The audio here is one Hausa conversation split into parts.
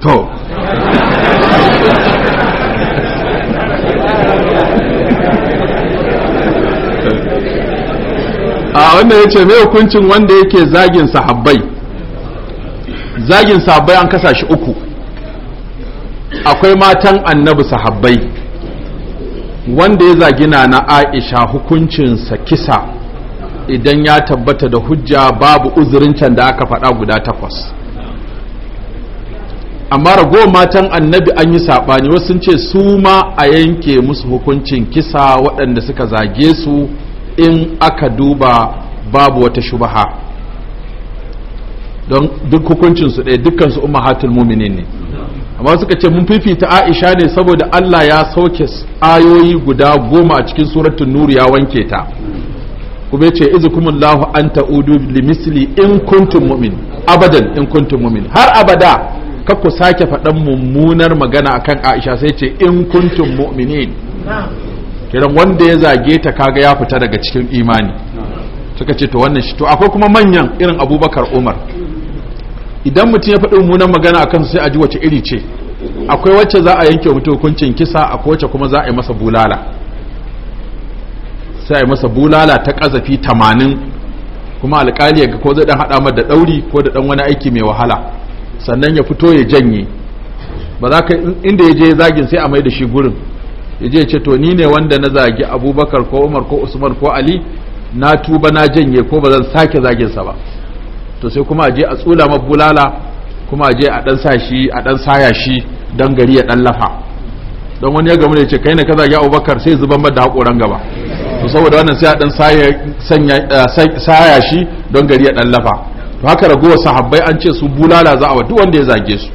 to a wannan yace mai hukuncin wanda yake zagin sahabbai zagin sahabbai an kasa shi uku akwai matan annabi sahabbai wanda ya zagina na Aisha hukuncinsa kisa idan ya tabbata da hujja babu uzurin can da aka faɗa guda takwas amma rago matan annabi an yi saɓani wasu sun ce su ma a yanke musu hukuncin kisa waɗanda suka zage su in aka duba babu wata shubaha don duk hukuncinsu ɗaya dukkansu hatun muminin ne amma suka ce mun fifita aisha ne saboda allah ya sauke ayoyi guda goma a cikin suratun Nuri ya wanke ta kuma ya ce lahu an ta'udu limisli in kuntum mu'min abadan in kuntum mu'min har abada ku sake faɗan mummunar magana akan Aisha sai ce in kuntun mu'minin kiran wanda ya zage ta kaga ya fita daga cikin imani suka ce to wannan shi to akwai kuma manyan irin Abubakar Umar idan mutum ya faɗi mummunar magana a kan sai a ji wace iri ce akwai wacce za a yanke mutum hukuncin kisa akwai wacce kuma za a yi masa bulala sai a yi masa bulala ta kazafi tamanin kuma alkali ga ko zai dan hada mata da dauri ko da dan wani aiki mai wahala sannan ya fito ya janye ba za ka inda ya je zagin sai a mai da shi gurin ya je ce to ni ne wanda na zagi abubakar ko umar ko usman ko ali na tuba na janye ko ba zan sake zaginsa ba to sai kuma a je a tsula mabulala kuma a je a dan sa shi a dan saya shi dan gari ya dan lafa don wani ya gamu da ya ce kai ne ka zagi abubakar sai zuban ba da hakoran gaba to saboda wannan sai a dan eh, saya shi don gari ya dan lafa to haka ragowa sahabbai an ce su bulala za a wa wanda ya zage su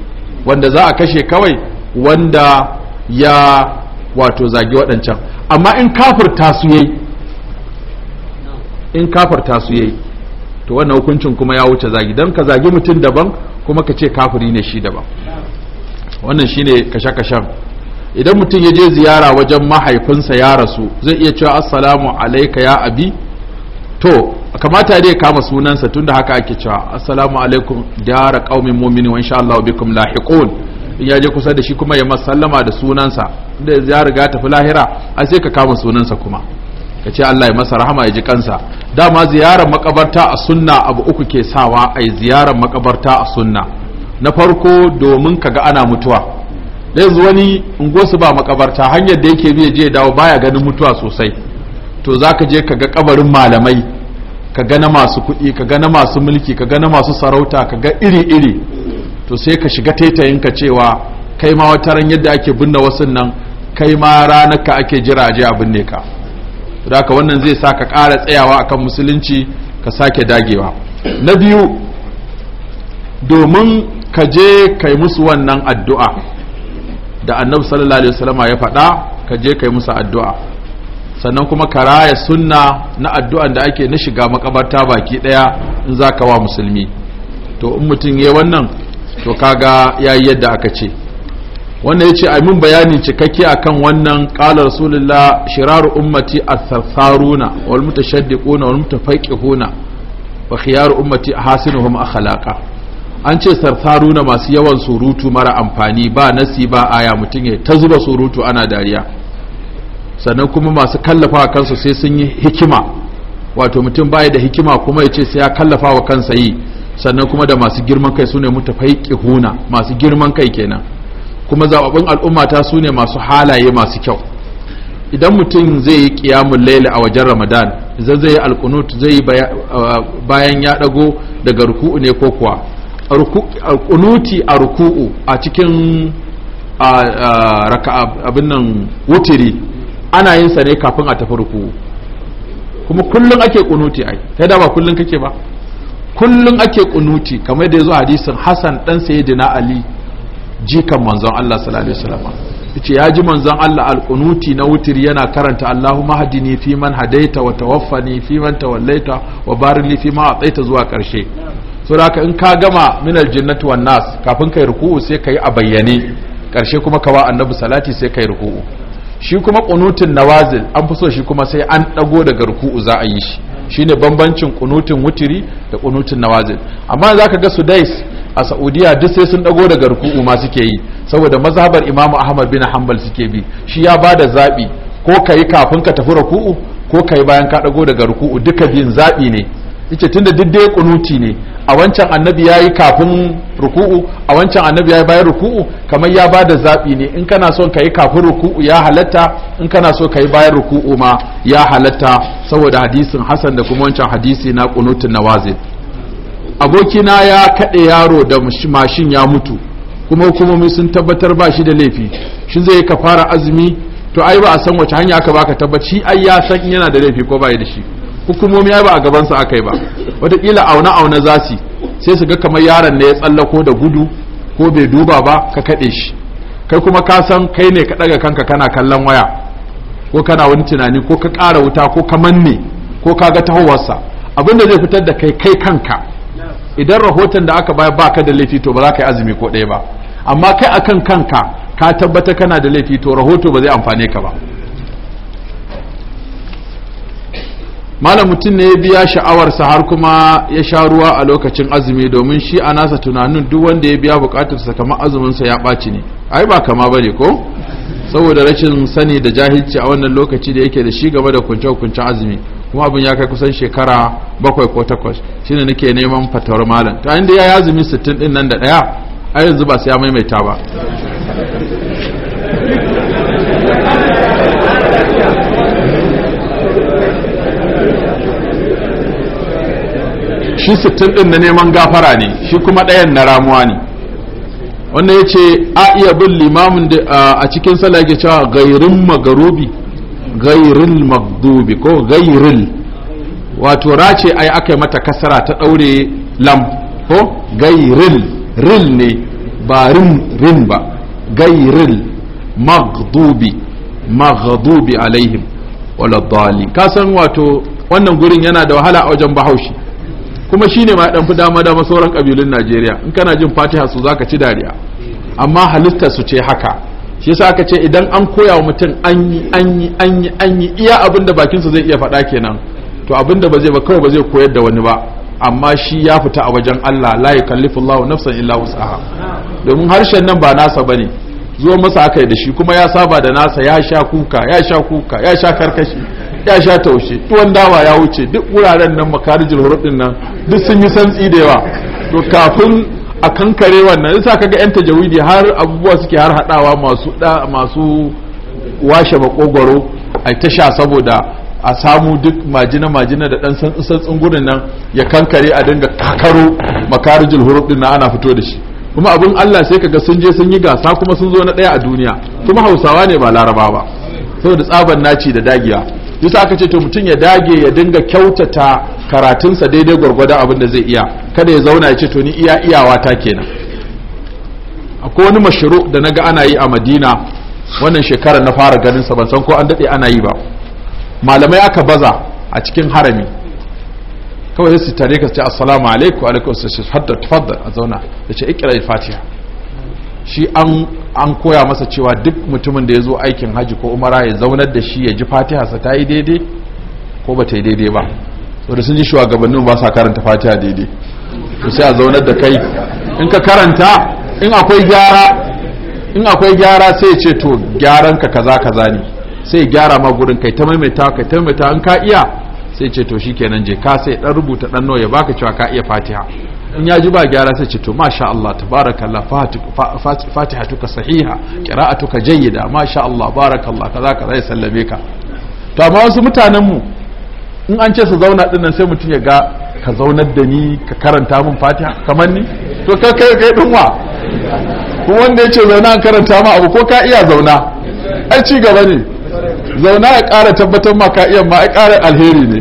wanda za a kashe kawai wanda ya wato zage waɗancan amma in kafirta su yayi in kafirta su yayi to wannan hukuncin kuma ya wuce zagi dan ka zagi mutum daban kuma ka ce kafiri ne shi daban wannan shine kashe-kashen idan mutum ya je ziyara wajen mahaifinsa ya rasu zai iya cewa assalamu alayka ya abi to kamata dai kama sunansa tunda haka ake cewa assalamu alaikum dara qaumin mu'minin wa insha Allah bikum lahiqun ya je kusa da shi kuma ya masallama da sunansa da ya riga tafi lahira a sai ka kama sunansa kuma ka ce Allah ya masa rahama ya ji kansa dama ziyarar makabarta a sunna abu uku ke sawa ai ziyarar makabarta a sunna na farko domin kaga ana mutuwa yanzu wani unguwarsu ba makabarta hanyar da yake bi je dawo baya ganin mutuwa sosai to zaka je kaga kabarin malamai ka gana masu kuɗi ka gana masu mulki ka gana masu sarauta ka ga iri-iri to sai ka shiga taitayinka cewa kai ma wata ran yadda ake binne wasu nan kai ma ranar ka ake jira a binne ka da haka wannan zai sa ka ƙara tsayawa akan musulunci ka sake dagewa na biyu domin ka je kai musu wannan addu'a da annabi sallallahu alaihi wasallama ya faɗa ka je kai musu addu'a sannan kuma karaya sunna na addu'an da ake na shiga makabarta baki ɗaya in za ka wa musulmi to in mutum yayi wannan to kaga ya yi yadda aka ce wannan ya yace a min bayanin cikakke a kan wannan ƙalar rasulullah shiraru ummati at-tatharuna wal mutashaddiquna wal mutafaqihuna wa khiyaru ummati a halaƙa an ce sassaruna masu yawan surutu mara amfani ba nasi ba aya mutum ya ta zuba surutu ana dariya sannan kuma masu kallafa wa kansu sai sun yi hikima wato mutum baya da hikima kuma ya ce sai ya kallafa wa kansa yi sannan kuma da masu girman kai su ne mutafaikihuna masu girman kai kenan kuma al'umma al'ummata su ne masu halaye masu kyau idan mutum zai yi ƙiyamun laila a wajen ramadan idan zai yi alkunut zai bayan ya dago daga ruku'u ne ko kuwa alkunuti a ruku'u a cikin abin nan wutiri ana yin sa ne kafin a tafi ruku kuma kullum ake kunuti ai kai da ba kullum kake ba kullum ake kunuti kamar da yazo hadisin Hassan dan sayyidina Ali jikan manzon Allah sallallahu alaihi wasallam yace ya ji manzon Allah Alkunuti na Wutiri yana karanta Allahumma hadini fi man hadaita wa tawaffani fi man tawallaita wa barik li fi ma ataita zuwa karshe so da in ka gama min aljannati wan nas kafin kai ruku'u sai kai a bayyane karshe kuma ka ba annabi salati sai kai ruku'u shi kuma kunutin nawazil an fi so shi kuma sai an dago daga ruku'u za a yi shi shine bambancin kunutin wutiri da kunutin nawazil amma za ka ga sudais a saudiya duk sai sun dago daga ruku'u ma suke yi saboda mazhabar imamu ahmad bin hanbal suke bi shi ya ba da zaɓi ko yi kafin ka tafi ruku'u ko yi bayan ka dago daga ruku'u duka biyun zaɓi ne yake tunda duk dai kunuti ne a wancan annabi yayi kafin ruku'u a wancan annabi yayi bayan ruku'u kamar ya bada zaɓi ne in kana son kai kafin ruku'u ya halatta in kana so ka yi bayan ruku'u ma ya halatta saboda hadisin Hasan da kuma wancan hadisi na kunutin waze abokina ya kaɗe yaro da mashin ya mutu kuma hukumomi sun tabbatar ba shi da laifi shi zai yi fara azumi to ai ba a san wace hanya aka baka tabbaci ai ya san yana da laifi ko ba da shi hukumomi ya ba a gabansa aka yi ba wataƙila auna auna za su sai su ga kamar yaron ne ya tsallako da gudu ko bai duba ba ka kaɗe shi kai kuma ka san kai ne ka ɗaga kanka kana kallon waya ko kana wani tunani ko ka ƙara wuta ko ka manne ko ka ga tahowarsa abin da zai fitar da kai kai kanka idan rahoton da aka bayar baka da laifi to ba za ka yi azumi ko ɗaya ba amma kai akan kanka ka tabbata kana da laifi to rahoto ba zai amfane ka ba malam mutum ne ya biya sha'awarsa har kuma ya sha ruwa a lokacin azumi domin shi a nasa tunanin duk wanda ya biya bukatarsa kamar azuminsa ya ɓaci ne ai ba kama bane ko saboda rashin sani da jahilci a wannan lokaci da yake da shi game da kunce-kuncen azumi kuma abin ya kai kusan shekara bakwai ko takwas shine nake neman fatawar malam to inda ya yi azumi sittin din nan da ɗaya a yanzu ba sai ya maimaita ba shi sittin ɗin na neman gafara ne shi kuma ɗayan na ramuwa ne wannan ya ce a iya bin limamin da a cikin sallah yake cewa gairin magarubi gairin magdubi ko gairin wato race ai aka yi mata kasara ta ɗaure lam ko gairin ril ne ba rin rin ba gairin magdubi magdubi alaihim wala ka kasan wato wannan gurin yana da wahala a wajen bahaushe kuma shi ne ma dan fi dama dama sauran kabilun Najeriya in kana jin Fatiha su zaka ci dariya amma halitta su ce haka shi yasa aka ce idan an koya wa mutum an yi an yi an yi an yi iya abin da bakinsa zai iya faɗa kenan to abin da ba zai ba kawai ba zai koyar da wani ba amma shi ya fita a wajen Allah la yukallifu Allah nafsan illa wus'aha domin harshen nan ba nasa bane zuwa masa aka yi da shi kuma ya saba da nasa ya sha kuka ya sha kuka ya sha karkashi ya sha taushe tuwon dawa ya wuce duk wuraren nan makarijin hurufin nan duk sun yi santsi da yawa to kafin a kankare wannan yasa kaga yan tajawidi har abubuwa suke har hadawa masu da masu washe makogoro a ta saboda a samu duk majina majina da dan santsin gurin nan ya kankare a dinga kakaro makarijin hurufin nan ana fito da shi kuma abin Allah sai kaga sun je sun yi gasa kuma sun zo na ɗaya a duniya kuma Hausawa ne ba Laraba ba saboda tsaban naci da dagiya yasa aka ce to mutum ya dage ya dinga kyautata karatunsa daidai gwargwadon abin da zai iya kada ya zauna ya ce to ni iya iyawa ta kenan akwai wani mashiru da naga ana yi a madina wannan shekarar na fara ganin sa ban san ko an dade ana yi ba malamai aka baza a cikin harami kawai sai tare ka ce assalamu alaikum alaikum sai hadda tafaddal a zauna da ce ikra al-fatiha shi an koya masa cewa duk mutumin da ya zo aikin haji ko umara ya zaunar da shi ya ji fatihasa ta yi daidai ko ba ta yi daidai ba wadda sun ji shugabannin ba sa karanta fatiha daidai to sai a zaunar da kai in ka karanta in akwai gyara in akwai gyara sai ce to gyaran ka kaza kaza ne sai gyara ma gurin kai ta maimaita kai ta maimaita in ka iya sai ce to shikenan je ka sai dan rubuta dan nawa ya baka cewa ka iya fatiha in ya ji ba gyara sai ce to masha Allah tabarakallah fatihatuka sahiha qira'atuka jayyida masha Allah barakallah kaza kaza ya sallame ka to amma wasu mutanen mu in an ce su zauna din nan sai mutum ya ga ka zaunar da ni ka karanta min fatiha kamar ni to ka kai kai wa? kuma wanda ya ce zauna an karanta ma abu ko ka iya zauna ai ci gaba ne zauna ya ƙara tabbatar ma ka iya ma ai ƙara alheri ne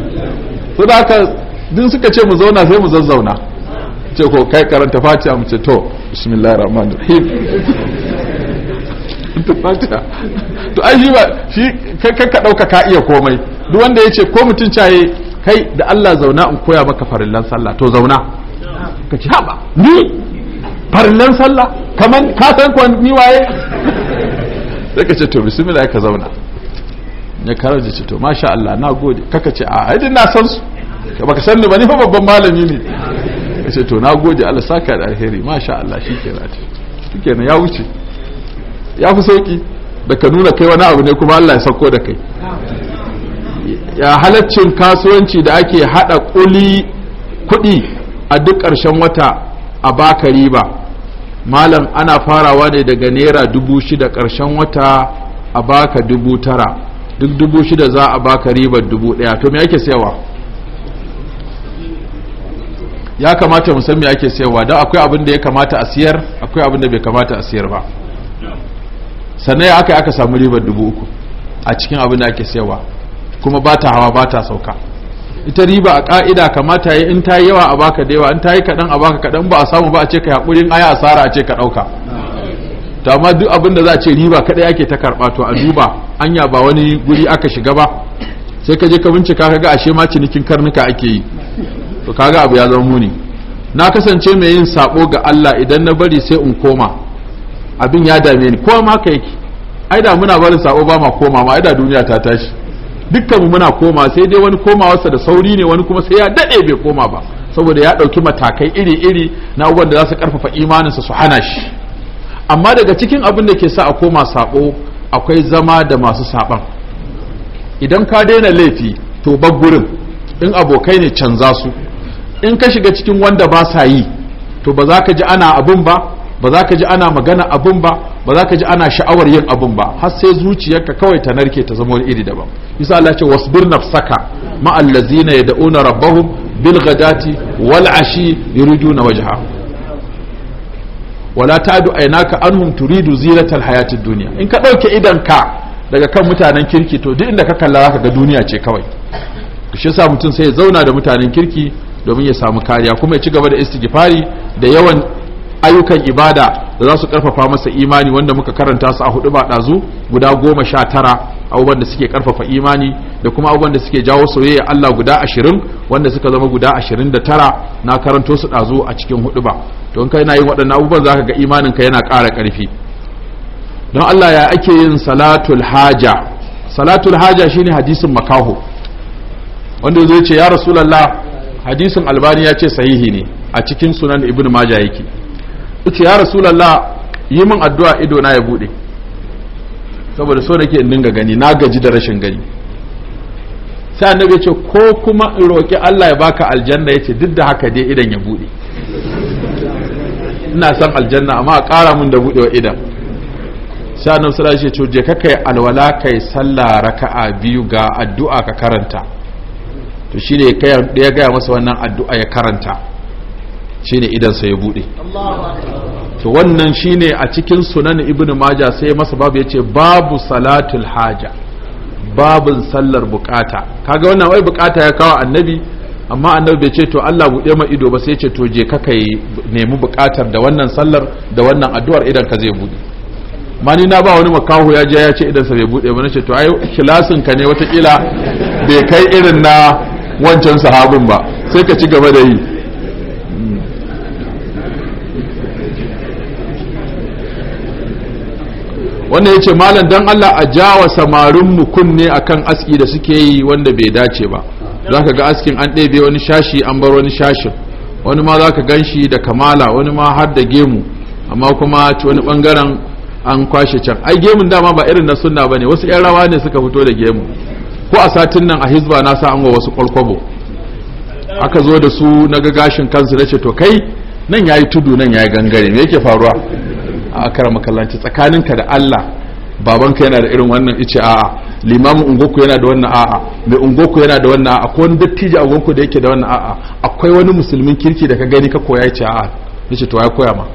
saboda haka din suka ce mu zauna sai mu zazzauna ce ko kai karanta fatiha mu ce to bismillahir rahmanir rahim to fatiha to ai shi ba shi kai ka dauka ka iya komai duk wanda yace ko mutun caye kai da Allah zauna in koya maka farillan sallah to zauna ka ci haba ni farillan sallah kaman ka san ko ni waye sai ka ce to bismillah ka zauna ya karaje ce to masha Allah na gode kaka ce a ai na san su baka san ni ba ni fa babban malami ne ya ce to na gode Allah saka da alheri masha Allah shi ke na shi ke ya wuce ya fi sauki da ka nuna kai wani abu ne kuma Allah ya sauko da kai ya halaccin kasuwanci da ake hada kuli kuɗi a duk ƙarshen wata a baka riba malam ana farawa ne daga naira dubu shida ƙarshen wata a baka dubu tara duk dubu shida za a baka ribar dubu ɗaya to me ake sayawa ya kamata mu san me ake sayarwa don akwai abin da ya kamata a siyar akwai abin da bai kamata a siyar ba sannan ya aka aka samu ribar dubu uku a cikin abin da ake sayarwa kuma ba ta hawa ba ta sauka ita riba a ka'ida kamata yi in ta yi yawa a baka da yawa in ta yi kaɗan a baka kaɗan ba a samu ba a ce ka haƙurin aya asara a ce ka ɗauka to amma duk abin da za a ce riba kaɗai ake ta karɓa to a duba anya ba wani guri aka shiga ba sai ka je ka bincika ka ga ashe ma cinikin karnuka ake yi to kaga abu ya zama muni na kasance mai yin sabo ga Allah idan na bari sai in koma abin ya dame ni kowa ma kai yake ai da muna barin sabo ba ma koma ma ai da duniya ta tashi Dukkan mu muna koma sai dai wani komawarsa da sauri ne wani kuma sai ya dade bai koma ba saboda ya dauki matakai iri-iri na abubuwan da za su karfafa imaninsa su hana shi amma daga cikin abin da ke sa a koma sabo akwai zama da masu saban idan ka daina laifi to bar gurin in abokai ne canza su in ka shiga cikin wanda ba sa yi to ba za ka ji ana abin ba ba za ka ji ana magana abin ba ba za ka ji ana sha'awar yin abun ba har sai zuciyarka kawai ta narke ta zama wani iri daban isa Allah ce wasbir nafsaka ma allazina yad'una rabbahum bil ghadati wal ashi yuriduna wajha wala tadu aynaka anhum turidu zinatal hayatid dunya in ka dauke idan ka daga kan mutanen kirki to duk inda ka kalla zaka ga duniya ce kawai shi yasa mutum sai ya zauna da mutanen kirki domin ya samu kariya kuma ya ci gaba da istighfari da yawan ayyukan ibada da za su karfafa masa imani wanda muka karanta su a hudu ba ɗazu guda goma sha tara abubuwan da suke karfafa imani da kuma abubuwan da suke jawo soyayya Allah guda ashirin wanda suka zama guda ashirin da tara na karanto su ɗazu a cikin hudu ba to in kai na yin waɗannan abubuwan za ka ga imaninka yana ƙara ƙarfi don Allah ya ake yin salatul haja salatul haja shine hadisin makaho wanda ya ya ce ya rasulallah hadisin albani ya ce sahihi ne a cikin sunan ibn maja yake uce ya rasulallah yi min addu'a ido na ya bude saboda so nake in dinga gani na gaji da rashin gani sai annabi ce ko kuma in roki Allah ya baka aljanna yace duk da haka dai idan ya bude ina san aljanna amma a ƙara mun da budewa idan sai annabi sallallahu alaihi wasallam ya ce je ka kai alwala kai sallah raka'a biyu ga addu'a ka karanta to shi ne ya gaya masa wannan addu'a ya karanta shi ne idansa ya buɗe to wannan shi ne a cikin sunan ibn maja sai masa babu ya ce babu salatul haja babin sallar bukata kaga wannan wai bukata ya kawo annabi amma annabi bai ce to Allah buɗe ma ido ba sai ce to je kaka yi nemi bukatar da wannan sallar da wannan addu'ar idan ka zai buɗe Mani na ba wani makaho ya je ya ce idan sa bai buɗe ba na ce to ai kilasin ka ne watakila bai kai irin na wancan sahabin ba sai ka ci gaba da yi wanda ya ce malam don Allah a jawa samarin kunne akan aski da suke yi wanda bai dace ba za ka ga askin an ɗebe wani shashi an bar wani shashin wani ma za ka gan shi da kamala wani ma har da gemu amma kuma ci wani ɓangaren an kwashe can ai gemun dama ba irin na sunna ba ne wasu 'yan rawa ne suka fito da gemu ko a satin nan a hizba na sa an wa wasu kwalkwabo aka zo da su na gashin kansu na ce to kai nan yayi tudu nan yayi gangare me yake faruwa a karama kallanci tsakaninka da Allah baban ka yana da irin wannan ice a'a limamin ungoku yana da wannan a'a mai ungoku yana da wannan a'a ko dattijo a ungoku da yake da wannan a'a akwai wani musulmin kirki da ka gani ka koya ce a'a nace to ya koya ma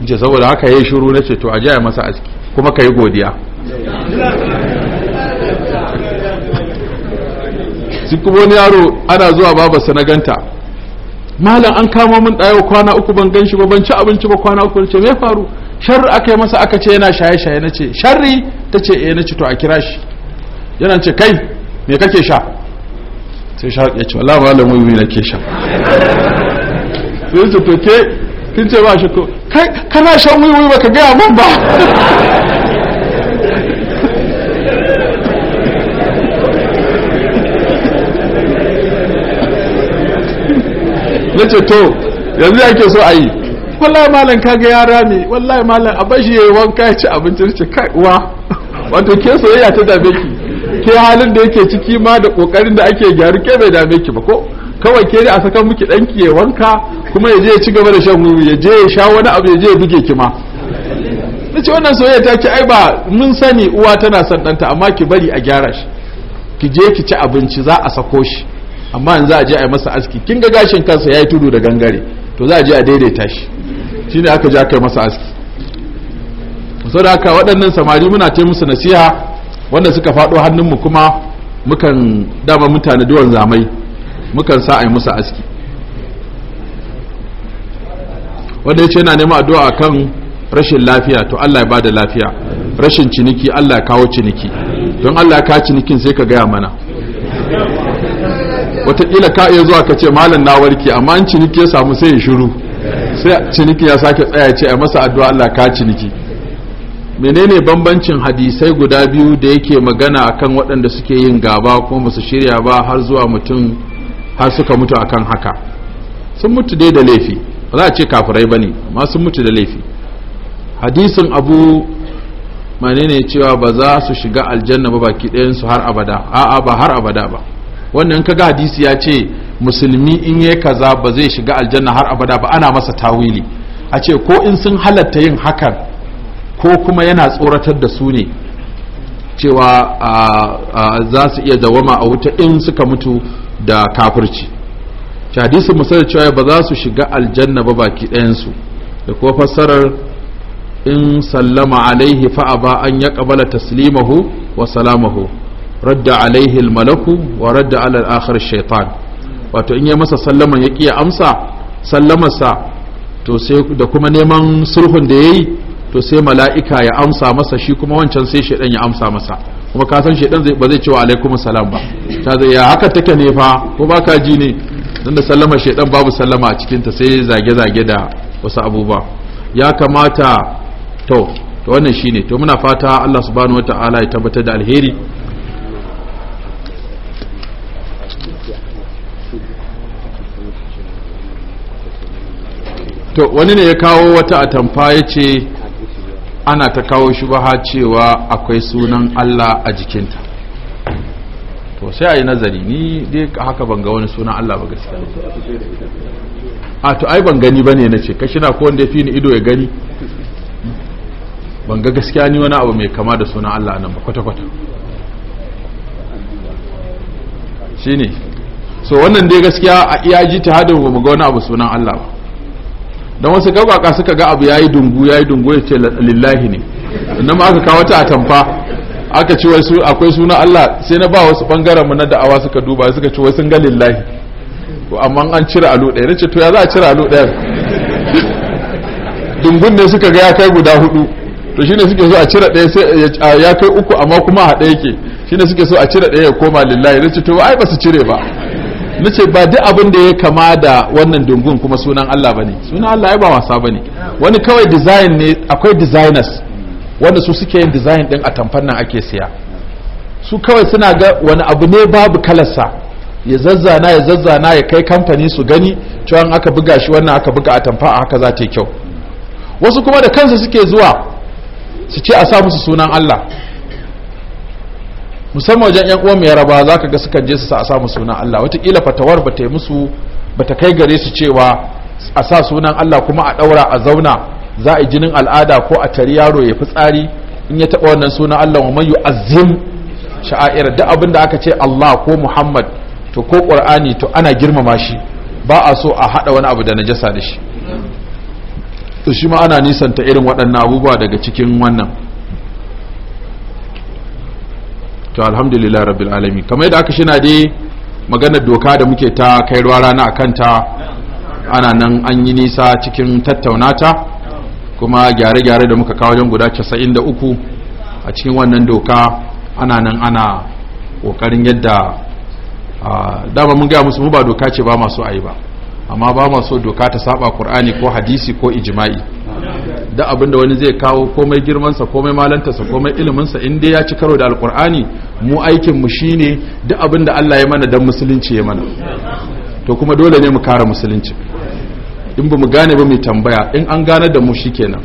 nace saboda haka yayi shiru nace to a jaya masa aski kuma kai godiya shi kuma wani yaro ana zuwa babarsa na ganta malam an kama min ɗaya kwana uku ban gan shi ba ban ci abinci ba kwana uku ce me faru sharri aka yi masa aka ce yana shaye-shaye na ce sharri ta ce eh na ce to a kira shi yana ce kai me kake sha sai sha ya ce wala malam wai na ke sha sai su to ke kin ce ba shi ko kai kana shan wiwi ka gaya mun ba ya ce to yanzu ake so a yi wallahi malam kaga ya rami wallahi malam a bashi yi wanka ya ci abinci ce kai wato ke soyayya ta dame ki ke halin da yake ciki ma da kokarin da ake gyaru ke bai dame ki ba ko kawai ke a saka miki danki ya wanka kuma ya je ya ci gaba da shan wuri ya je ya sha wani abu ya je ya buge ki ma ce wannan soyayya ta ce ai ba mun sani uwa tana son danta amma ki bari a gyara shi ki je ki ci abinci za a sako shi amma yanzu a je a yi masa aski kin ga gashin kansa ya yi tudu da gangare to za a je a daidaita shi ne aka ja aka yi masa aski da aka waɗannan samari muna ta musu nasiha wanda suka faɗo hannunmu kuma mukan dama mutane duwan zamai mukan sa a yi musu aski wanda ya ce yana neman addu'a kan rashin lafiya to Allah ya ba da lafiya rashin ciniki Allah ya kawo ciniki don Allah ya kawo cinikin sai ka gaya mana watakila ka iya zuwa ka ce malam na warke amma an ciniki ya samu sai ya shiru sai ciniki ya sake tsaya ce a masa addu'a Allah ka ciniki menene bambancin hadisai guda biyu da yake magana akan waɗanda suke yin gaba ko musu shirya ba har zuwa mutum har suka mutu akan haka sun mutu dai da laifi ba za a ce kafirai bane amma sun mutu da laifi hadisin abu manene cewa ba za su shiga aljanna ba baki ɗayan su har abada a'a ba har abada ba wannan kaga hadisi ya ce musulmi in yayi kaza ba zai shiga aljanna har abada ba ana masa tawili a ce ko in sun halatta yin hakan ko kuma yana tsoratar da su ne cewa za su iya dawama a wuta in suka mutu da kafirci hadisin musallar cewa ba za su shiga aljanna ba baki ɗayansu da kuma fassarar in sallama alaihi fa'a ba an ya ƙabala taslimahu wa salamahu radda alaihi malaku wa radda ala al-akhir wato in ya masa sallaman ya kiya amsa sallamarsa to sai da kuma neman sulhun da yayi to sai mala'ika ya amsa masa shi kuma wancan sai shaidan ya amsa masa kuma ka san shaidan ba zai cewa alaikum salam ba ta zai ya haka take ne fa ko baka ji ne dan da sallama shaidan babu sallama a cikin ta sai zage zage da wasu abubuwa ya kamata to to wannan shine to muna fata Allah subhanahu wataala ya tabbatar da alheri to wani ne ya kawo wata atamfa ya ce ana ta kawo shi shubaha cewa akwai sunan Allah a jikinta to sai a yi nazari ni dai haka ban ga wani sunan Allah ba gaskiya a to ai ban gani bane na ce kashi na ko wanda ya fi ni ido ya gani ban ga gaskiya ni wani abu mai kama da sunan Allah nan ba kwata-kwata shi ne so wannan dai gaskiya a iya ji ta hada ba mu ga wani abu sunan Allah ba don wasu gagwaka suka ga abu yayi dungu yayi dungu ya ce lillahi ne sannan ma aka kawo ta tamfa aka ce wai akwai sunan Allah sai na ba wasu bangaren mu na da'awa suka duba suka ce wai sun ga lillahi amma an cire alo ɗaya nace to ya za a cire alo ɗaya dungun ne suka ga ya kai guda hudu to shine suke so a cire ɗaya sai ya kai uku amma kuma haɗe yake shine suke so a cire ɗaya ya koma lillahi nace to ai ba su cire ba nace ba duk abin da ya kama da wannan dungun kuma sunan Allah bane sunan Allah ai ba wasa bane wani kawai design ne akwai designers wanda su suke yin design din a tamfan nan ake siya su kawai suna ga wani abu ne babu kalarsa ya zazzana ya zazzana ya kai kamfani su gani cewa aka buga shi wannan aka buga a tamfa a haka za ta yi kyau wasu kuma da kansu suke zuwa su ce a sa musu sunan Allah musamman wajen yan uwan yaraba za ka ga sukan je su sa a samu sunan Allah wataƙila fatawar ba ta yi musu ba ta kai gare su cewa a sa sunan Allah kuma a ɗaura a zauna za a yi jinin al'ada ko a tari yaro ya fi tsari in ya taɓa wannan sunan Allah wa mayu azim sha'a'ir duk abin da aka ce Allah ko Muhammad to ko Ƙur'ani to ana girmama shi ba a so a haɗa wani abu da najasa da shi to shi ma ana nisanta irin waɗannan abubuwa daga cikin wannan to alhamdulillah rabbil alamin kamar yadda aka shina dai maganar doka da muke ta kai ruwa rana a ta ana nan an yi nisa cikin tattaunata kuma gyare-gyare da muka kawo wajen guda 93 a cikin wannan doka ana nan ana kokarin yadda dama mun gaya musu mu ba doka ce ba masu ayi ba amma ba masu doka ta saba qur'ani ko hadisi ko ijma'i da abinda wani zai kawo komai girmansa komai malantarsa komai iliminsa in dai ya ci karo da alkur'ani mu aikin mu shine duk abinda Allah ya mana dan musulunci ya mana to kuma dole ne mu kare musulunci in ba mu gane ba mu tambaya in an gane da mu shikenan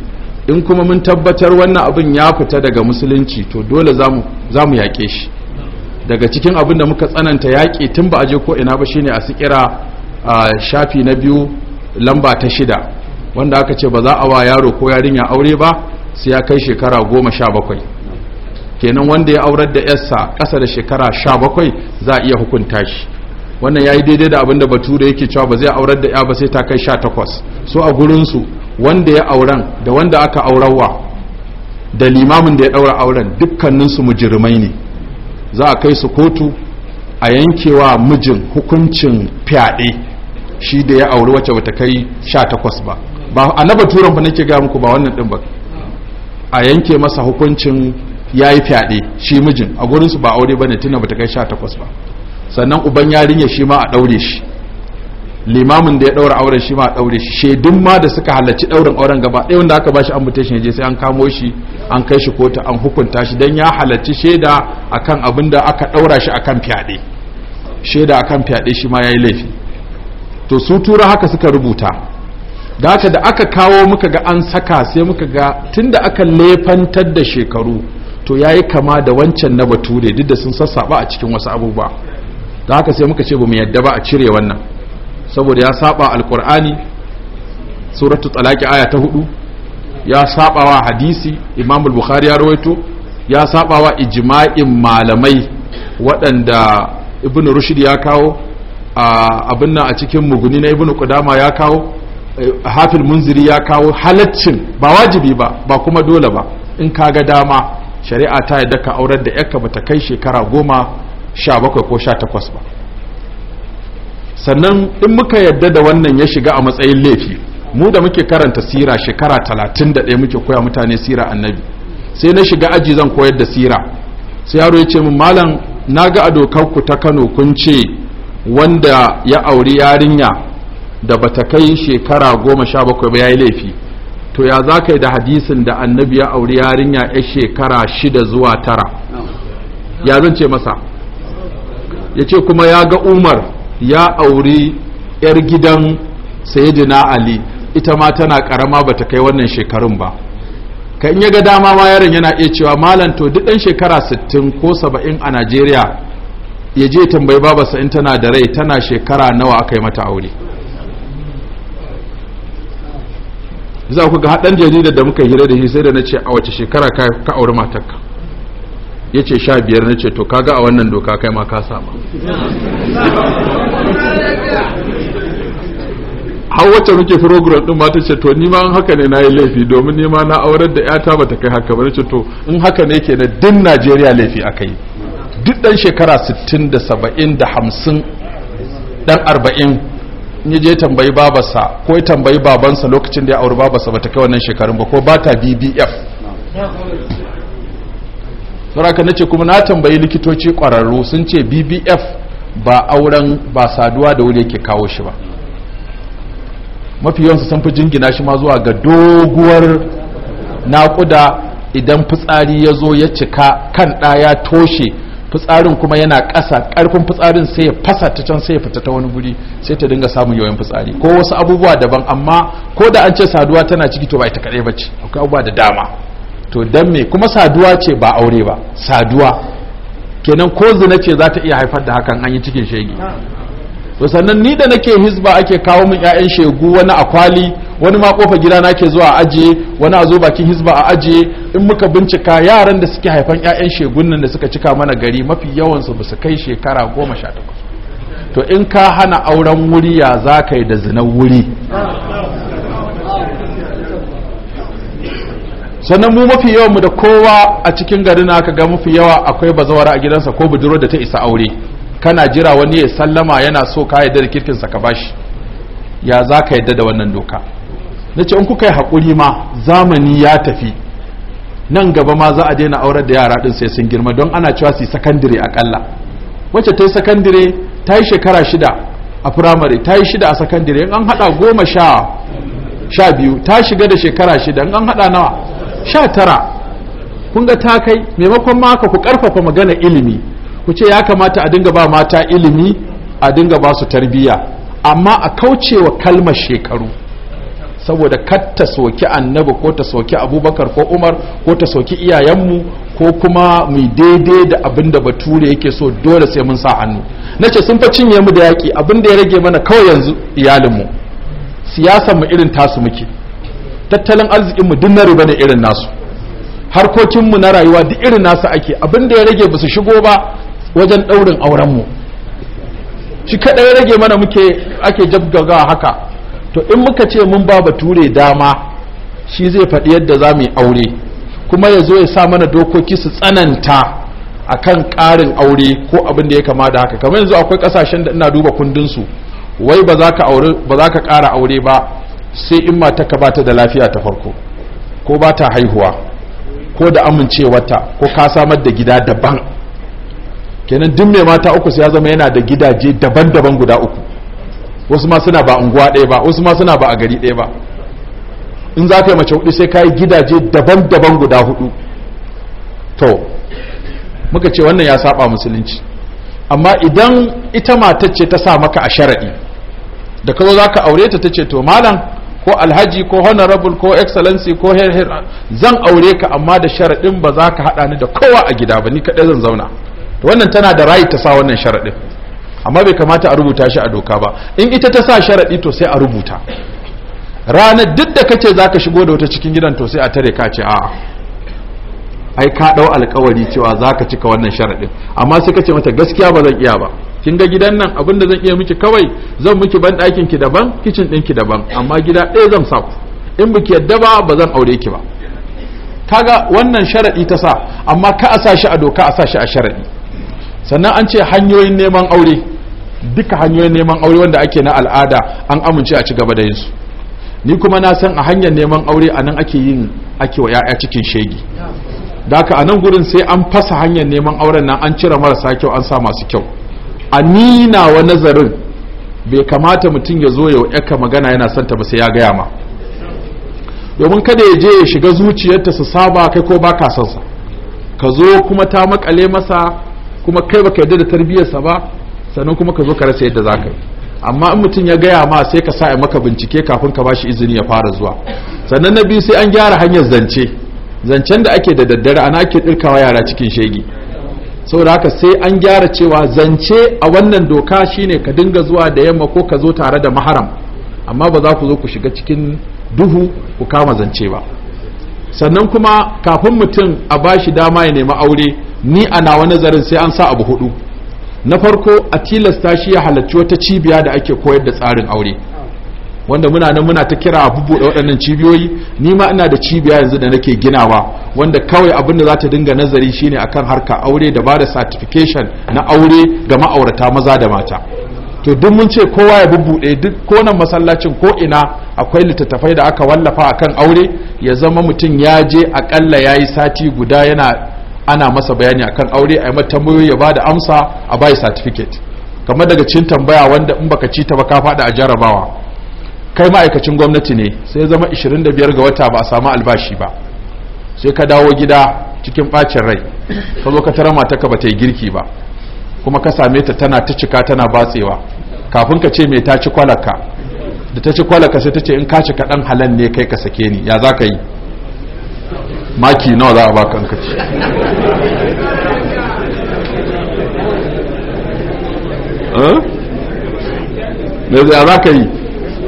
in kuma mun tabbatar wannan abin ya fita daga musulunci to dole za mu yaƙe shi daga cikin abin da muka tsananta yaƙi tun ba a je ko ina ba shine a sikira shafi na biyu lamba ta shida wanda aka ce ba za a wa yaro ko yarinya aure ba sai ya kai shekara goma sha bakwai kenan wanda ya aurar da yarsa ƙasa da shekara sha bakwai za a iya hukunta shi wannan ya yi daidai da abinda bature yake cewa ba zai aurar da ya ba sai ta kai sha takwas so a gurinsu wanda ya auren da wanda aka aurarwa da limamin da ya ɗaura auren dukkaninsu mujrimai ne za a kai su kotu a yankewa mijin hukuncin fyaɗe shi da ya auri wacce bata kai sha takwas ba ba annaba turan ba nake ga muku ba wannan din ba a yanke masa hukuncin ya yi fyaɗe shi mijin a gurin su ba aure tuna ba ta kai 18 ba sannan uban yarinyar shi ma a ɗaure shi limamin da ya ɗaura auren shi ma a ɗaure shi shedun ma da suka halarci ɗaurin auren gaba ɗaya wanda aka ba shi ambutation je sai an kamo shi an kai shi kotu an hukunta shi Don ya halarci a akan abin da aka ɗaura shi akan fyaɗe Shaida akan fyaɗe shi ma yayi laifi to su tura haka suka rubuta da haka da aka kawo muka ga an saka sai muka ga tunda aka lefantar da shekaru to ya yi kama da wancan na bature duk da sun sassaba a cikin wasu abubuwa da haka sai muka ce ba mu yadda ba a cire wannan saboda ya saba alkur'ani suratul talaqi aya ta hudu ya saba wa hadisi imam al-bukhari ya rawaito ya saba wa ijma'in malamai waɗanda ibnu rushd ya kawo abin nan a cikin muguni na ibnu qudama ya kawo hafil munziri ya kawo halaccin ba wajibi ba ba kuma dole ba in ka ga dama shari'a ta yadda ka aurar da yakka bata kai shekara goma sha bakwai ko sha takwas ba sannan in muka yadda da wannan ya shiga a matsayin laifi mu da muke karanta sira shekara talatin da ɗaya muke koya mutane sira annabi sai na shiga aji zan koyar da sira sai yaro ya ce min malam na ga a dokar ku ta kano kun ce wanda ya auri yarinya da bata kai shekara goma sha bakwai ba ya yi laifi to ya za ka yi da hadisin da annabi ya auri yarinya ya shekara shida zuwa tara ya zan ce masa ya ce kuma ya ga umar ya auri yar gidan sayidina ali ita ma tana karama bata kai wannan shekarun ba ka in ya ga dama ma yaron yana iya cewa malam to duk ɗan shekara 60 ko 70 a najeriya ya je tambayi babarsa in tana da rai tana shekara nawa aka yi mata aure za ku ga haɗan jaridar da muka hira da shi sai da na ce a wace shekara ka auri matarka ya ce sha biyar na ce to kaga a wannan doka kai ma ka sama har wacce muke program din mata ta ce to ni ma haka ne na yi laifi domin ni ma na aurar da yata ba ta kai haka ba ce to in haka ne ke na din najeriya laifi aka yi duk ɗan shekara 60 da 70 da 50 ɗan 40 ya je tambayi babarsa ko ya tambayi babansa lokacin da ya auri babarsa ba ta kai wannan shekarun ba ko ba ta bbf saraka na ce kuma na tambayi likitoci kwararru sun ce bbf ba auren ba saduwa da wuri yake kawo shi ba mafi yawansu sun fi jingina shi ma zuwa ga doguwar naƙuda idan fitsari ya zo ya cika kan ɗaya toshe fitsarin kuma yana ƙasa ƙarfin fitsarin sai ya fasa ta can sai ya fita ta wani guri sai ta dinga samun yawan fitsari ko wasu abubuwa daban amma ko da an ce saduwa tana ciki to ba ita kaɗai bace akwai abubuwa da dama to dan me kuma saduwa ce ba aure ba saduwa kenan ko zina ce za ta iya haifar da hakan an yi cikin shege to sannan ni da nake hizba ake kawo min ƴaƴan shegu wani a kwali wani ma kofa gida na ke zuwa a ajiye wani a zo bakin hizba a ajiye in muka bincika yaran da suke haifan ƴaƴan shegun nan da suka cika mana gari mafi yawan su su kai shekara goma sha takwas to in ka hana auren wuri ya za ka da zinan wuri sannan mu mafi yawan mu da kowa a cikin garin aka ga mafi yawa akwai bazawara a gidansa ko budurwar da ta isa aure kana jira wani ya sallama yana so ka yadda da kirkinsa ka bashi ya za ka yadda da wannan doka na ce in kuka yi haƙuri ma zamani ya tafi nan gaba ma za a daina aurar da yara ɗin sai sun girma don ana cewa su yi sakandire aƙalla wacce ta yi sakandire ta yi shekara shida a firamare ta yi shida a sakandire in an haɗa goma sha sha biyu ta shiga da shekara shida in an haɗa nawa sha tara kun ga ta kai maimakon ma haka ku ƙarfafa magana ilimi ku ce ya kamata a dinga ba mata ilimi a dinga ba su tarbiyya amma a kaucewa kalmar shekaru saboda kar ta soki annabi ko ta soki abubakar ko umar ko ta soki iyayenmu ko kuma mu daidai da abin da bature yake so dole sai mun sa hannu na ce sun fa cinye mu da yaƙi abin da ya rage mana kawai yanzu iyalinmu siyasar mu irin tasu muke tattalin arzikin mu duk na riba irin nasu harkokinmu na rayuwa duk irin nasu ake abin da ya rage ba su shigo ba wajen ɗaurin aurenmu shi kaɗai rage mana muke ake jabgaga haka to in muka ce mun ba bature dama shi zai faɗi yadda za mu aure kuma ya zo ya sa mana dokoki su tsananta a kan ƙarin aure ko abin da ya kama da haka kamar yanzu akwai ƙasashen da ina duba kundinsu wai ba za ka ƙara aure ba sai in mata ka bata da lafiya ta farko ko ba ta haihuwa ko da amincewarta ko ka samar da gida daban kenan duk mai mata uku sai ya zama yana da gidaje daban-daban guda uku wasu ma suna ba unguwa ɗaya ba wasu ma suna ba a gari ɗaya ba in za ka yi mace hudu sai ka yi gidaje daban-daban guda hudu to muka ce wannan ya saba musulunci amma idan ita matar ce ta sa maka a sharaɗi da ka zo za ka aure ta ta ce to malam ko alhaji ko honorable ko excellency ko her zan aure ka amma da sharaɗin ba za ka haɗa ni da kowa a gida ba ni kaɗai zan zauna wannan tana da rai ta sa wannan sharaɗin amma bai kamata a rubuta shi a doka ba in ita ta sa sharaɗi to sai a rubuta ranar duk da kace za ka shigo da wata cikin gidan to sai a tare ka ce a'a ai ka ɗau alkawari cewa za ka cika wannan sharaɗin amma sai ka ce mata gaskiya ba zan iya ba kin ga gidan nan abin da zan iya miki kawai zan miki ban ɗakin ki daban kicin ɗinki daban amma gida ɗaya zan sa ku in biki yadda ba ba zan aure ki ba kaga wannan sharaɗi ta sa amma ka a sa shi a doka a sa shi a sharaɗi sannan an ce hanyoyin neman aure duka hanyoyin neman aure wanda ake na al'ada an amince a ci gaba da yin ni kuma na san a hanyar neman aure a nan ake yin ake wa ya'ya cikin shegi da aka a nan gurin sai an fasa hanyar neman auren nan an cire marasa kyau an sa masu kyau a ninawa nazarin bai kamata mutum ya zo ya yaka magana yana son ta ba sai ya gaya ma domin kada ya je ya shiga zuciyarta su saba kai ko ba ka sansa ka zo kuma ta makale masa kuma kai baka yarda da tarbiyarsa ba sannan kuma ka zo ka rasa yadda za ka yi amma in mutum ya gaya ma sai ka sa ya maka bincike kafin ka bashi izini ya fara zuwa sannan na biyu sai an gyara hanyar zance zancen da ake da daddare ana ake dirkawa yara cikin shegi saboda haka sai an gyara cewa zance a wannan doka shine ka dinga zuwa da yamma ko ka zo tare da maharam amma ba za ku zo ku shiga cikin duhu ku kama zance ba sannan kuma kafin mutum a bashi dama ya nemi aure ni a nawa nazarin sai an sa abu hudu na farko a tilasta shi ya halarci wata cibiya da ake koyar da tsarin aure wanda muna nan muna ta kira buɗe waɗannan cibiyoyi ni ma ina da cibiya yanzu da nake ginawa wanda kawai abin da za ta dinga nazari shine akan harka aure da ba da certification na aure ga ma'aurata maza da mata to duk mun ce kowa ya bubbuɗe duk konan masallacin ko ina akwai littattafai da aka wallafa akan aure ya zama mutum ya je akalla ya yi sati guda yana ana masa bayani akan aure a yi mata tambayoyi ya bada amsa a bai certificate kamar daga cikin tambaya wanda in baka ci ta ba ka fada a jarabawa kai ma'aikacin gwamnati ne sai ya zama 25 ga wata ba a samu albashi ba sai ka dawo gida cikin bacin rai ka zo ka tara mata ka bata yi girki ba kuma ka same ta tana ta cika tana batsewa kafin ka ce me ta ci kwalaka da ta ci kwalaka sai ta ce in ka ci kaɗan halan ne kai ka sake ni ya za ka yi maki nawa za a baka ankaci kace eh? zai za ka yi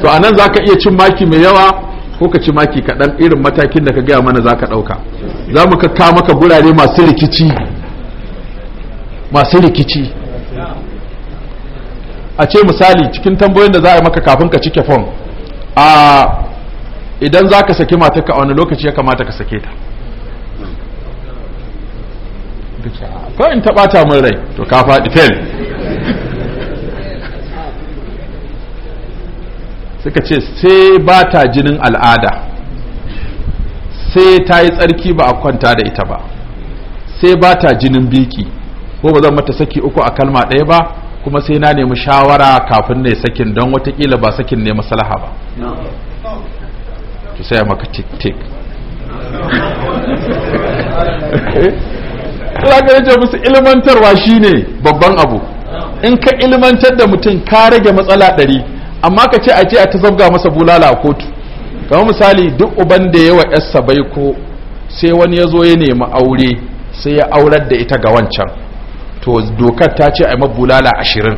to anan za ka iya cin maki mai yawa ko ka ci maki kaɗan irin matakin da ka gaya mana za ka ɗauka za mu ka maka gurare masu rikici masu rikici a ce misali cikin tambayoyin da za a yi maka kafin ka cike fom a idan za ka saki matarka a wani lokaci ya kamata ka sake ta ka ce ah, in taɓa ta min rai to ka faɗi fail suka ce sai ba ta jinin al'ada sai ta yi tsarki ba a kwanta da ita ba sai ba ta jinin biki ko ba zan mata saki uku a kalma ɗaya ba kuma sai na nemi shawara kafin ne sakin don watakila ba sakin ne maslaha ba to sai maka tik tik zaka yace musu ilmantarwa shine babban abu in ka ilmantar da mutum ka rage matsala ɗari amma ka ce a ce a ta zabga masa bulala a kotu kamar misali duk uban da yawa yarsa bai ko sai wani ya zo ya nemi aure sai ya aurar da ita ga wancan to dokar ta ce a yi bulala ashirin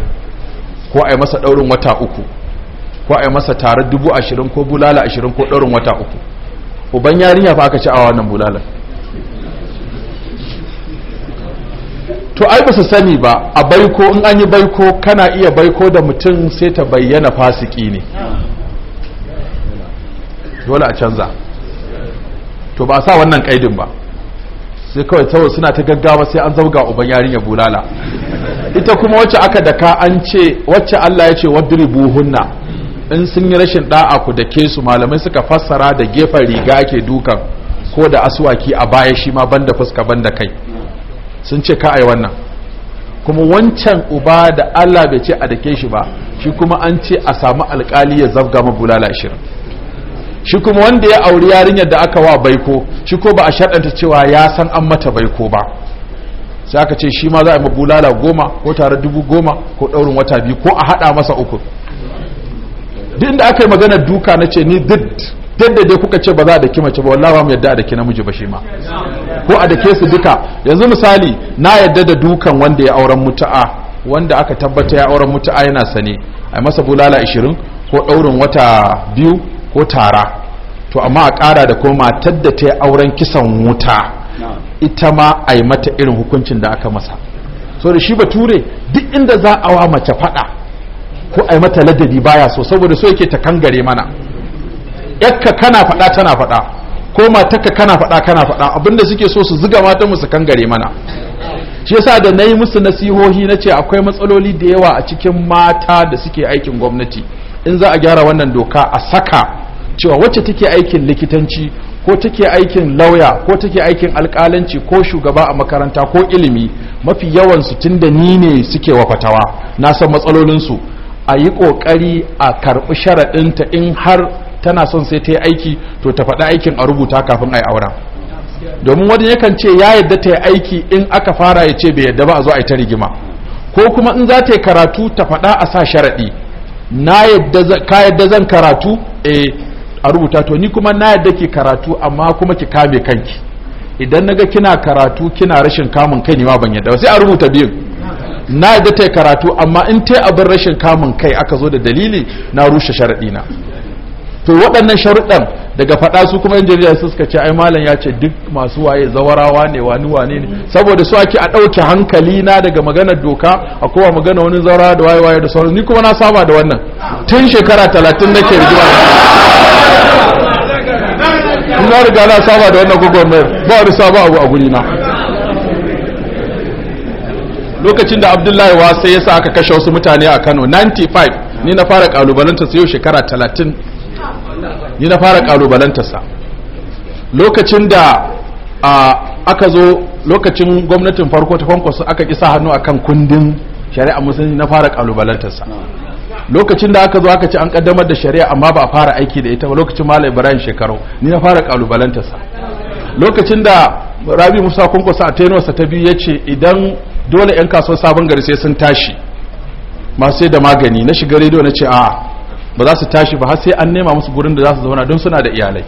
ko a yi masa ɗaurin wata uku ko a yi masa tare dubu ashirin ko bulala ashirin ko ɗaurin wata uku uban yarinya fa aka ci a wannan bulalar to ai ba su sani ba a baiko in an yi baiko kana iya baiko da mutum sai ta bayyana fasiki ne dole a canza to ba sa wannan kaidin ba sai kawai tawo suna ta gaggawa sai an zauga uban yarinya bulala ita kuma wacce aka daka an ce wacce Allah ya ce wadri buhunna in sun yi rashin da'a ku da ke su malamai suka fassara da gefen riga ake dukan ko da asuwaki a baya shi ma banda fuska banda kai sun ce ka yi wannan kuma wancan uba da Allah bai ce a dake shi ba shi kuma an ce a samu alkali ya zafga ma bulala ashirin shi kuma wanda ya auri yarinyar da aka wa baiko shi ko ba a shaɗanta cewa ya san an mata baiko ba sai aka ce shi ma za a yi bulala goma ko tare dubu goma ko ɗaurin wata biyu ko a haɗa masa uku duk inda aka yi magana duka na ce ni duk yadda dai kuka ce ba za a daki mace ba wallahi mu yadda a daki namiji ba shi ma ko a dake su duka yanzu misali na yadda da dukan wanda ya auren mutu'a wanda aka tabbata ya auren mutu'a yana sane a masa bulala 20 ko daurin wata biyu ko tara to amma a kara da kuma matar da ta yi auren kisan wuta ita ma a yi mata irin hukuncin da aka masa so da shi bature duk inda za a wa mace faɗa ko a yi mata ladabi baya so saboda so yake ta kangare mana yakka kana faɗa tana faɗa ko matarka kana faɗa kana faɗa abinda suke so su ziga matan su gare mana shi yasa da nayi musu nasihohi na ce akwai matsaloli da yawa a cikin mata da suke aikin gwamnati in za a gyara wannan doka a saka cewa wacce take aikin likitanci ko take aikin lauya ko take aikin alkalanci ko shugaba a makaranta ko ilimi mafi yawan tun da ni ne suke wa fatawa na san matsalolinsu a yi ƙoƙari a karɓi sharaɗinta in har tana son sai ta yi aiki to ta faɗi aikin a rubuta kafin a yi auren domin wani yakan ce ya yadda ta yi aiki in aka fara ya ce bai yadda ba a zo a yi ta rigima ko kuma in za ta yi karatu ta faɗa a sa sharaɗi na yadda ka yadda zan karatu eh, a rubuta to ni kuma na yadda ki karatu amma kuma ki kame kanki idan naga kina karatu kina rashin kamun kai ne ma ban yadda ba sai a rubuta biyun na yadda ta yi karatu amma in ta yi abin rashin kamun kai aka zo da dalili na rushe sharaɗi na to waɗannan sharuɗan daga faɗa su kuma yan jarida suka ce ai malam ya ce duk masu waye zawarawa ne wani wane ne saboda su ake a ɗauke hankali na daga maganar doka a kowa magana wani zawarawa da waye waye da sauran ni kuma na saba da wannan tun shekara talatin nake rigima na riga na saba da wannan mayar ba wani saba abu a guri na lokacin da abdullahi wasa ya sa aka kashe wasu mutane a kano 95 ni na fara kalubalanta su yau shekara talatin ni na fara kalubalantarsa lokacin da aka zo lokacin gwamnatin farko ta kwankwaso aka ki sa hannu akan kundin shari'a musulunci na fara kalubalantarsa lokacin da aka zo aka ce an kaddamar da shari'a amma ba a fara aiki da ita ba lokacin malam ibrahim shekaru ni na fara kalubalantarsa lokacin da rabi musa kwankwaso a tenuwarsa ta biyu ya ce idan dole 'yan kasuwar sabon gari sai sun tashi masu sai da magani na shiga rediyo na ce a ba za su tashi ba har sai an nema musu gurin da za su zauna don suna da iyalai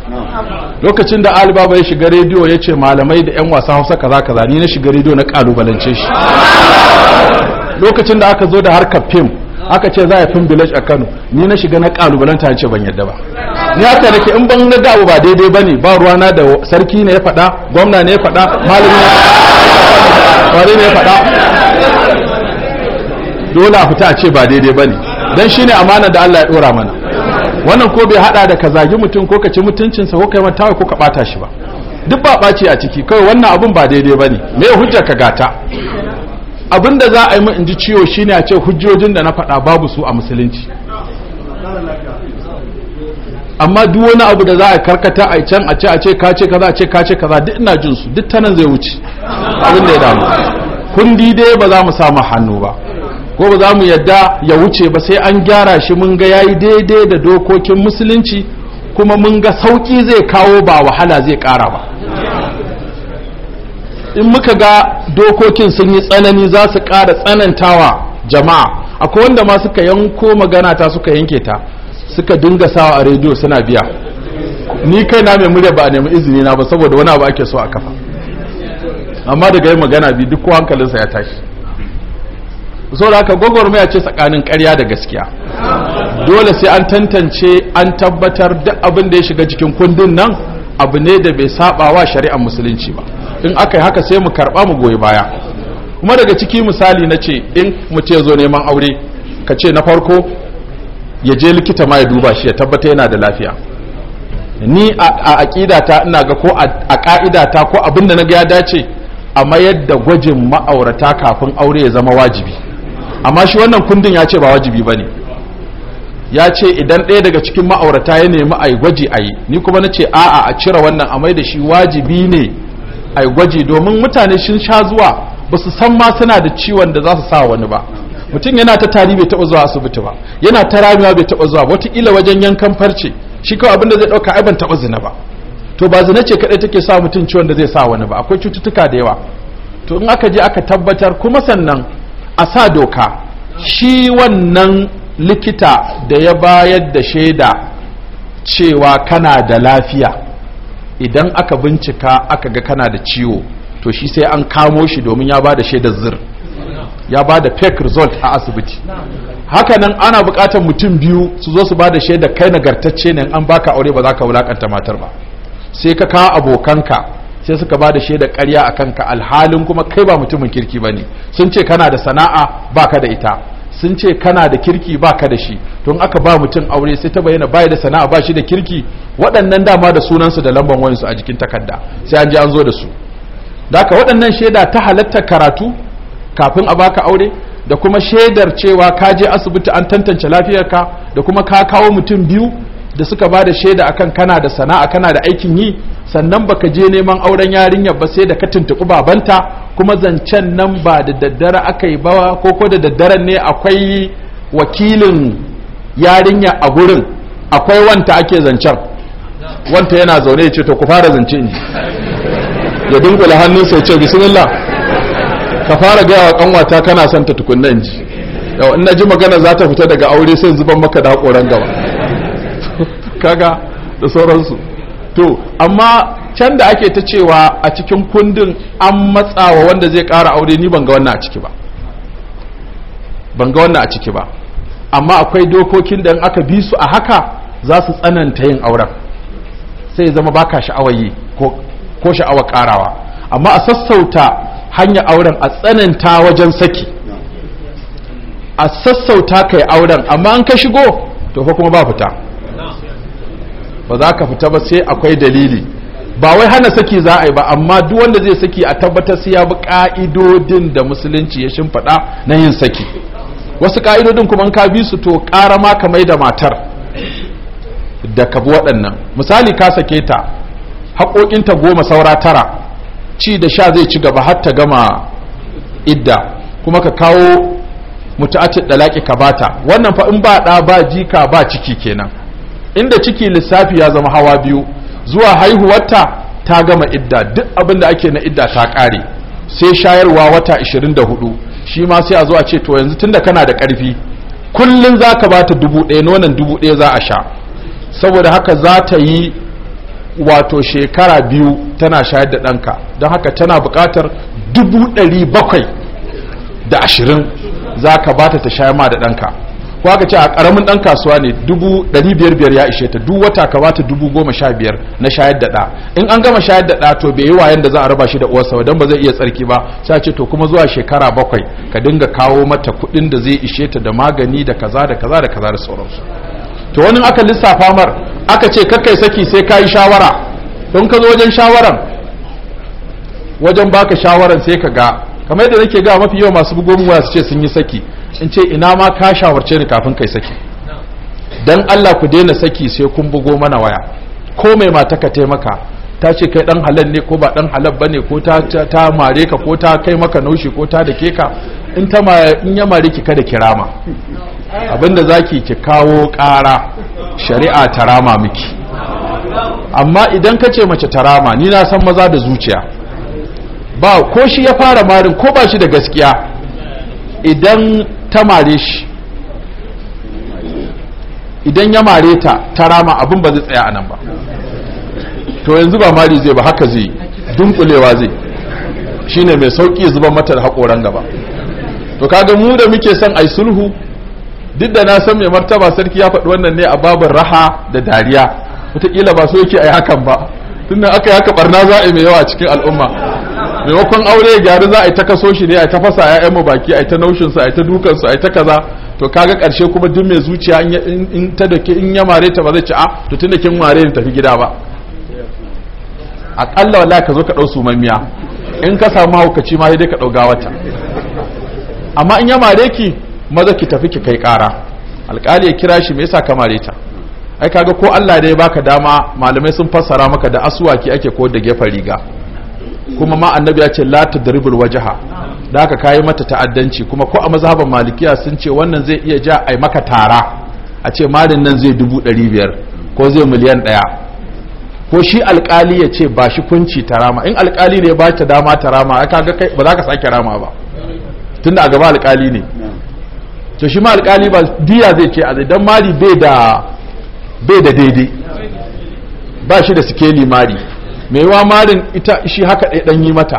lokacin da alibaba ya shiga rediyo ya ce malamai da 'yan wasa hausa kaza kaza ni na shiga rediyo na kalubalance shi lokacin da aka zo da harkar fim aka ce za a fim village a kano ni na shiga na kalubalanta ya ce ban yadda ba ni haka nake in ban na dawo ba daidai ba ne ba ruwana da sarki ne ya faɗa gwamna ne ya faɗa malami ne ya faɗa dole a fita a ce ba daidai ba ne dan shine amana da Allah ya ɗora mana wannan ko bai hada da ka zagi mutum ko ka ci mutuncinsa ko kai mantawa ko ka bata shi ba duk ba ɓaci a ciki kawai wannan abun ba daidai ba ne me hujjar ka gata abin da za a yi in ji ciwo ne a ce hujjojin da na faɗa babu su a musulunci amma duk wani abu da za a karkata a can a ce a ce ka ce kaza a ce ka ce kaza duk ina jin su duk tanan zai wuce abin da ya damu kundi dai ba za mu samu hannu ba ko ba za mu yadda ya wuce ba sai an gyara shi mun ga yayi daidai da dokokin musulunci kuma mun ga sauki zai kawo ba wahala zai kara ba in muka ga dokokin sun yi tsanani za su kara tsanantawa jama'a akwai wanda ma suka yanko magana ta suka yanke ta suka dinga sawa a rediyo suna biya ni kai na mai murya ba a nemi izini na ba saboda wani abu ake so a kafa amma daga yin magana bi duk hankalinsa ya tashi so saboda haka gwagwarmaya ce tsakanin karya da gaskiya dole sai an tantance an tabbatar duk abin da ya shiga cikin kundin nan abu ne da bai saba wa shari'ar musulunci ba in aka yi haka sai mu karba mu goyi baya kuma daga ciki misali na ce in mu ce zo neman aure ka ce na farko ya je likita ma ya duba shi ya tabbata yana da lafiya ni a aƙidata ina ga ko a ƙa'idata ko abin da na ga ya dace a mayar da gwajin ma'aurata kafin aure ya zama wajibi amma shi wannan kundin ya ce ba wajibi ba ne ya ce idan ɗaya daga cikin ma'aurata ya nemi a yi gwaji a yi ni kuma na ce a'a a cire wannan a mai da shi wajibi ne a yi gwaji domin mutane sun sha zuwa ba su san ma suna da ciwon da za su sa wani ba mutum yana ta tari bai taɓa zuwa asibiti ba yana ta ramiwa bai taɓa zuwa wataƙila wajen yankan farce shi kawai abin da zai ɗauka ai ban taɓa zina ba to ba zina ce kaɗai take sa mutum ciwon da zai sa wani ba akwai cututtuka da yawa to in aka je aka tabbatar kuma sannan a sa doka shi wannan likita da ya bayar da shaida cewa kana da lafiya idan aka bincika aka ga kana da ciwo to shi sai an kamo shi domin ya ba da shaidar zir ya ba da fake result a asibiti hakanan ana bukatar mutum biyu su zo su ba da shaida kai nagartacce ne an baka aure ba za ka wulakanta matar ba sai ka kawo abokanka sai suka ba da shaida ƙarya a kanka alhalin kuma kai ba mutumin kirki ba ne sun ce kana da sana'a ba ka da ita sun ce kana da kirki ba ka da shi tun aka ba mutum aure sai ta bayyana baya da sana'a ba shi da kirki waɗannan dama da sunansu da lamban wayansu a jikin takarda sai an ji an zo da su daka waɗannan shaida ta halatta karatu kafin a baka aure da kuma shaidar cewa ka je asibiti an tantance lafiyarka da kuma ka kawo mutum biyu da suka ba da shaida akan kana da sana'a kana da aikin yi sannan baka je neman auren yarinyar ba sai da ka tuntuɓi babanta kuma zancen nan ba da daddare aka yi ba ko ko da daddaren ne akwai wakilin yarinya a gurin akwai wanta ake zancen wanta yana zaune ya ce to ku fara zance ni ya dunkula hannun ya ce bismillah ka fara gaya wa kanwata kana son ta tukunna ji yau in naji magana za ta fita daga aure sai zuban maka da hakoran gaba kaga da sauransu to amma can da ake ta cewa a cikin kundin an matsawa wanda zai kara aure ni ban ga wannan a ciki ba ban ga wannan a ciki ba amma akwai dokokin da in aka bi su a haka za su tsananta yin auren sai zama baka sha'awar yi ko sha'awar karawa amma a sassauta hanyar auren a tsananta wajen saki a sassauta kai auren amma an ka shigo to kuma ba fita ba za ka fita ba sai akwai dalili ba wai hana saki za a yi ba amma duk wanda zai saki a tabbatar sai ya bi ka'idodin da musulunci ya shimfiɗa na yin saki wasu ka'idodin kuma ka bi su to ƙara ma ka mai da matar da ka bi waɗannan misali ka sake ta ta goma saura tara ci da sha zai ci gaba har ta gama idda kuma ka kawo mutu'atin dalaki ka bata wannan fa in ba ɗa ba jika ba ciki kenan inda ciki lissafi ya zama hawa biyu zuwa haihuwarta ta gama idda duk abin da ake na idda ta kare sai shayarwa wata 24 shi ma sai a zo a ce to yanzu tunda kana da karfi kullum za ka bata dubu ɗaya nonon dubu ɗaya za a sha saboda haka za ta yi wato shekara biyu tana shayar da ɗanka don haka tana buƙatar dubu ɗari bakwai da ashirin za ka bata ta shayar ma da ɗanka ko aka ce a karamin dan kasuwa ne dubu ɗari biyar biyar ya ishe ta duk wata ka bata dubu goma sha biyar na shayar da ɗa in an gama shayar da ɗa to bai yi wayan da za a raba shi da uwarsa ba don ba zai iya tsarki ba sai ce to kuma zuwa shekara bakwai ka dinga kawo mata kuɗin da zai ishe ta da magani da kaza da kaza da kaza da sauransu to wani aka lissafa mar aka ce kakkai saki sai ka yi shawara don ka zo wajen shawaran wajen baka shawaran sai ka ga kamar yadda nake ga mafi yawa masu bugo waya su ce sun yi saki in ce ina ma ka shawarce ni kafin kai saki dan Allah ku daina saki sai kun bugo mana waya ko mai mata ka taimaka ta ce kai dan halal ne ko ba dan halal bane ko ta ta mare ka ko ta kai maka naushi ko ta dake ka in ta ma in ya mare ki kada kirama abinda zaki ki kawo kara shari'a ta rama miki amma idan ka ce mace ta rama ni na san maza da zuciya ba ko shi ya fara marin ko ba shi da gaskiya idan ta mare shi idan ya mare ta ta rama abin ba zai tsaya a nan ba to yanzu ba mari zai ba haka zai dunkulewa zai shine mai sauki zuba mata da haƙoran gaba to kaga mu da muke son ai sulhu duk da na san mai martaba sarki ya faɗi wannan ne a babin raha da dariya wataƙila ba so yake a yi hakan ba tunda aka yi haka barna za a yi mai yawa cikin al'umma maimakon aure gyaru za a yi ta kaso shi ne a ta fasa ya'yan mu baki a ta naushin su a ta dukan su a ta kaza to kaga karshe kuma duk mai zuciya in ta da in ya mare ta ba zai ci a ah, to tunda kin mare ni tafi gida ba akalla wallahi ka zo ka dau sumammiya in ka samu haukaci ma sai dai ka dau wata amma in ya mare ki maza ki tafi ki kai kara alƙali ya kira shi me yasa ka mare ta ai kaga ko Allah da ya baka dama malamai sun fassara maka da asuwaki ake ko da gefen riga kuma ma annabi ya ce la tadribul wajha da aka kayi mata ta'addanci kuma ko a mazhaban malikiya sun ce wannan zai iya ja ai maka tara a ce malin nan zai dubu ɗari biyar ko zai miliyan ɗaya ko shi alkali ya ce ba shi kunci tarama in alkali ne ba ta dama tarama ai kaga kai ba za ka sake rama ba tunda a gaba alkali ne to shi ma alkali ba diya zai ce a dan mali bai da bai da daidai ba shi da sikeli mali. mai wa marin ita shi haka ɗaya ɗan yi mata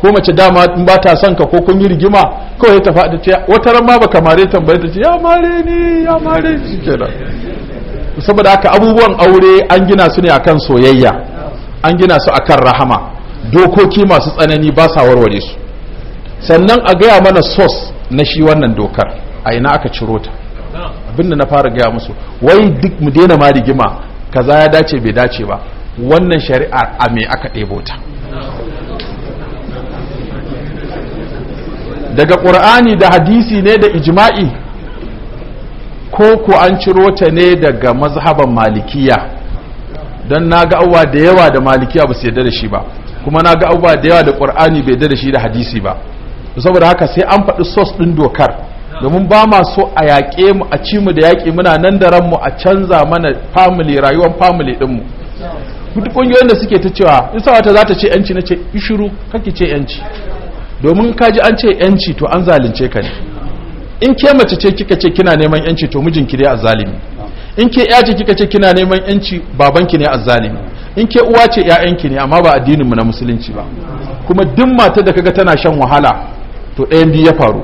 ko mace dama in ba ta son ka ko kun yi rigima kawai ta faɗi ta wata ran ma baka mare tambaye ta ce ya mare ni ya mare shi kenan saboda haka abubuwan aure an gina su ne akan soyayya an gina su akan rahama dokoki masu tsanani ba sa warware su sannan a gaya mana sos na shi wannan dokar a ina aka ciro ta abinda na fara gaya musu wai duk mu daina ma rigima kaza ya dace bai dace ba wannan shari'ar a mai aka ɗebo ta daga ƙur'ani da hadisi ne da ijma'i ko ku an ciro ta ne daga mazhaban malikiya don na ga abuwa da yawa da malikiya ba su yadda da shi ba kuma na ga abuwa da yawa da ƙur'ani bai yadda da shi da hadisi ba saboda haka sai an faɗi sos ɗin dokar domin ba ma so a yaƙe mu a ci mu da yaƙi muna nan da ranmu a canza mana family rayuwar family ɗinmu duk ƙungiyoyin da suke ta cewa in sa wata za ta ce yanci na ce ishuru kake ce yanci domin kaji an ce yanci to an zalunce ka ne in ke mace ce kika ce kina neman yanci to mijinki ne azzalimi in ke iya ce kika ce kina neman yanci babanki ne azzalimi in ke uwa ce ƴaƴanki ne amma ba addinin mu na musulunci ba kuma duk matar da kaga tana shan wahala to ɗayan biyu ya faru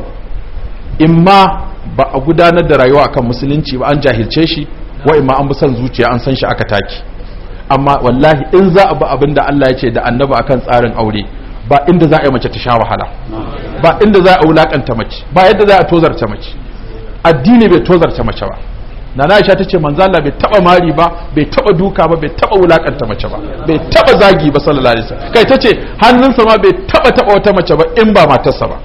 in ma ba a gudanar da rayuwa akan musulunci ba an jahilce shi wa in ma an bi son zuciya an san shi aka taki amma wallahi in za a bi abin da Allah ya ce da annabi akan tsarin aure ba inda za a yi mace ta sha wahala ba inda za a wulakanta mace ba yadda za a tozarta mace addini bai tozarta mace ba Na isha ta ce manzala bai taba mari ba bai taba duka ba bai taba wulakanta mace ba bai taba zagi ba sallallahu alaihi wasallam kai ta ce hannunsa ma bai taba taba wata mace ba in ba matarsa ba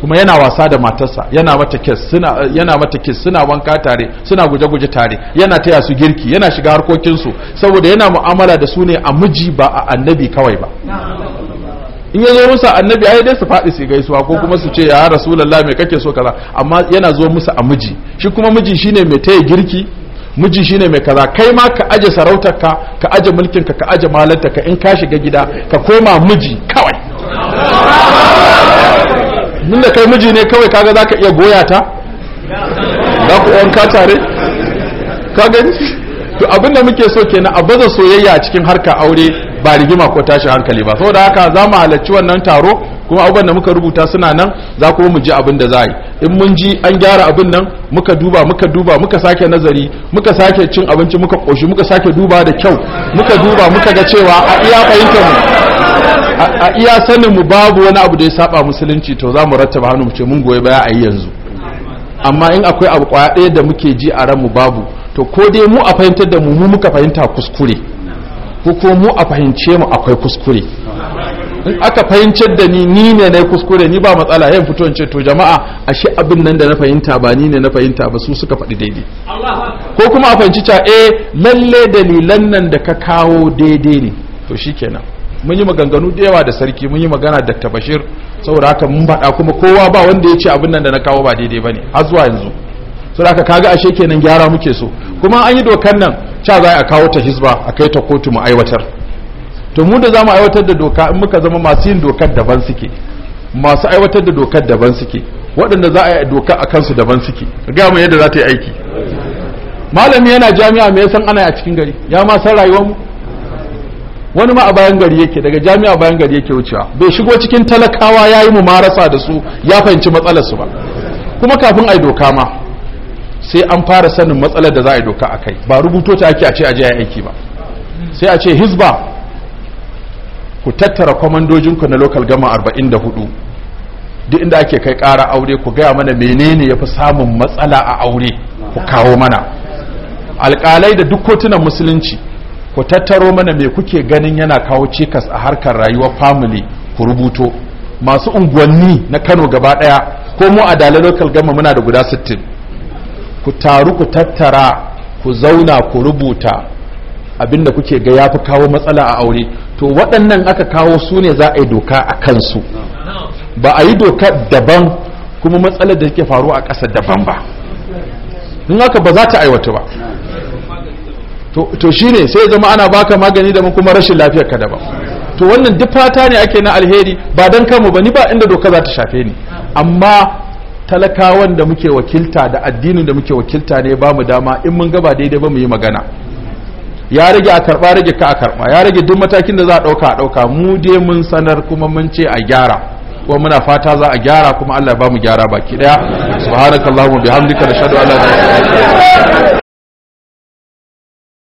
kuma yana wasa da matarsa yana mata kiss suna yana mata kiss suna wanka tare suna guje-guje tare yana taya su girki yana shiga harkokin su saboda yana mu'amala da su ne a miji ba a annabi kawai ba in ya musa musu annabi ai dai su faɗi su gaisuwa ko kuma su ce ya rasulullahi me kake so kaza amma yana zo musa a miji shi kuma miji shine mai taya girki miji shine mai kaza kai ma ka aje sarautarka ka aje mulkinka ka aje ka in ka shiga gida ka koma miji kawai da kai miji ne kawai kaga zaka iya goya ta za ku wanka tare ka gani to abin da muke so kenan a baza soyayya cikin harka aure ba rigima ko tashi hankali ba saboda haka za mu halarci wannan taro kuma abubuwan da muka rubuta suna nan za ku mu ji abin da za yi in mun ji an gyara abin nan muka duba muka duba muka sake nazari muka sake cin abinci muka koshi muka sake duba da kyau muka duba muka ga cewa a iya fahimtar mu a iya sanin mu babu wani abu da ya saba musulunci to za mu rattaba hannu mu ce mun goye baya a yi yanzu amma in akwai abu kwaya ɗaya da muke ji a ranmu babu to ko dai mu a fahimtar da mu mu muka fahimta kuskure ko ko mu a fahimce mu akwai kuskure in aka fahimtar da ni ni ne na kuskure ni ba matsala yin fito in ce to jama'a ashe abin nan da na fahimta ba ni ne na fahimta ba su suka faɗi daidai ko kuma a fahimci cewa eh lalle dalilan nan da ka kawo daidai ne to shikenan mun yi maganganu da yawa da sarki mun yi magana da tabashir saboda haka mun faɗa kuma kowa ba wanda ya ce abin nan da na kawo ba daidai bane har zuwa yanzu saboda haka kaga ashe kenan gyara muke so kuma an yi dokan nan cha za a kawo ta hisba a kai ta kotu mu aiwatar to mu da za aiwatar da doka in muka zama masu yin dokar daban suke masu aiwatar da dokar daban suke waɗanda za a yi doka a kansu daban suke ga mu yadda za ta yi aiki malami yana jami'a me san ana a cikin gari ya ma san rayuwar mu wani ma a bayan gari yake daga jami'a bayan gari yake wucewa bai shigo cikin talakawa ya yi mumarasa da su ya fahimci matsalar ba kuma kafin a yi doka ma sai an fara sanin matsalar da za a yi doka a kai ba rubuto ta ake a ce a je aiki ba sai a ce Hisba ku tattara kwamandojinku na lokal gama 44 duk inda ake kai kara aure ku gaya mana menene ya fi samun matsala a aure ku kawo mana alƙalai da duk kotunan musulunci ku tattaro mana me kuke ganin yana kawo cikas a harkar rayuwar family ku rubuto masu unguwanni na kano gaba daya ko mu a dalar local gama muna da guda 60 ku taru ku tattara ku zauna ku rubuta abinda kuke ga ya fi kawo matsala a aure to waɗannan aka kawo su ne za a yi doka a kansu ba a yi doka daban kuma matsalar da yake faruwa a ƙasa daban ba in haka ba za ta aiwata ba to ne sai zama ana baka magani da kuma rashin lafiyar ka daban to wannan duk fata ne ake na alheri ba dan kanmu ba ni ba inda doka za ta shafe ni amma talakawan da muke wakilta da addinin da muke wakilta ne ba mu dama in mun gaba daidai ba mu yi magana ya rage a karba rage ka a karba ya rage duk matakin da za a dauka a dauka mu dai mun sanar kuma mun ce a gyara kuma muna fata za a gyara kuma Allah ba mu gyara baki daya subhanakallahumma bihamdika nashhadu an la ilaha illa anta